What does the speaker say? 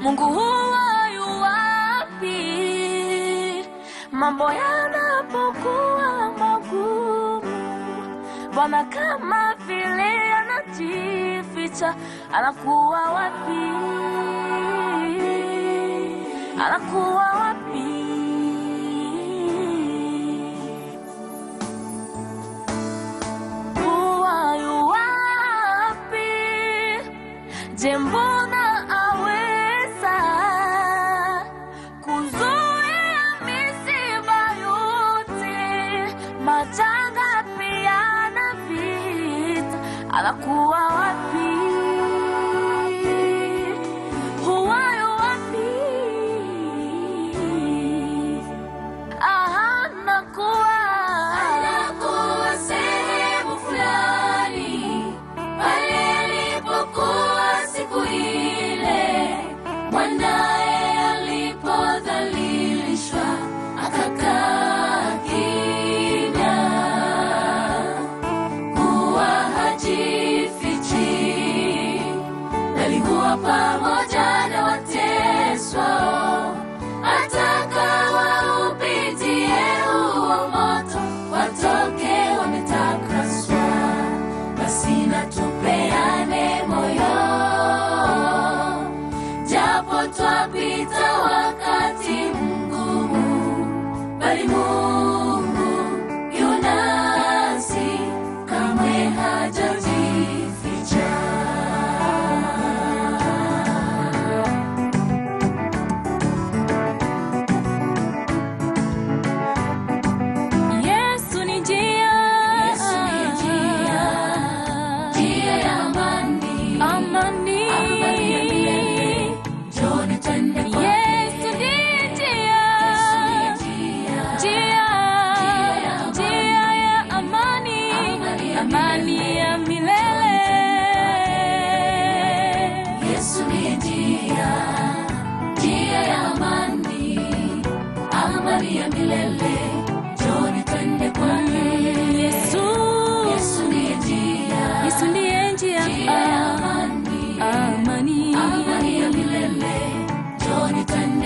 Mungu huwa yu wapi mambo yanapokuwa magumu? Bwana kama vile anajificha, anakuwa wapi? Anakuwa wapi? Huwa yu wapi? Je, mbona anakuwa wapi? yuko pamoja na wateswao, atakawapitie huo moto, watoke wametakaswa. Basi na moyo, japo twapita wakati mgumu, bali Mungu anything.